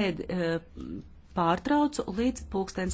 sēdi pārtraucu līdz pulkstens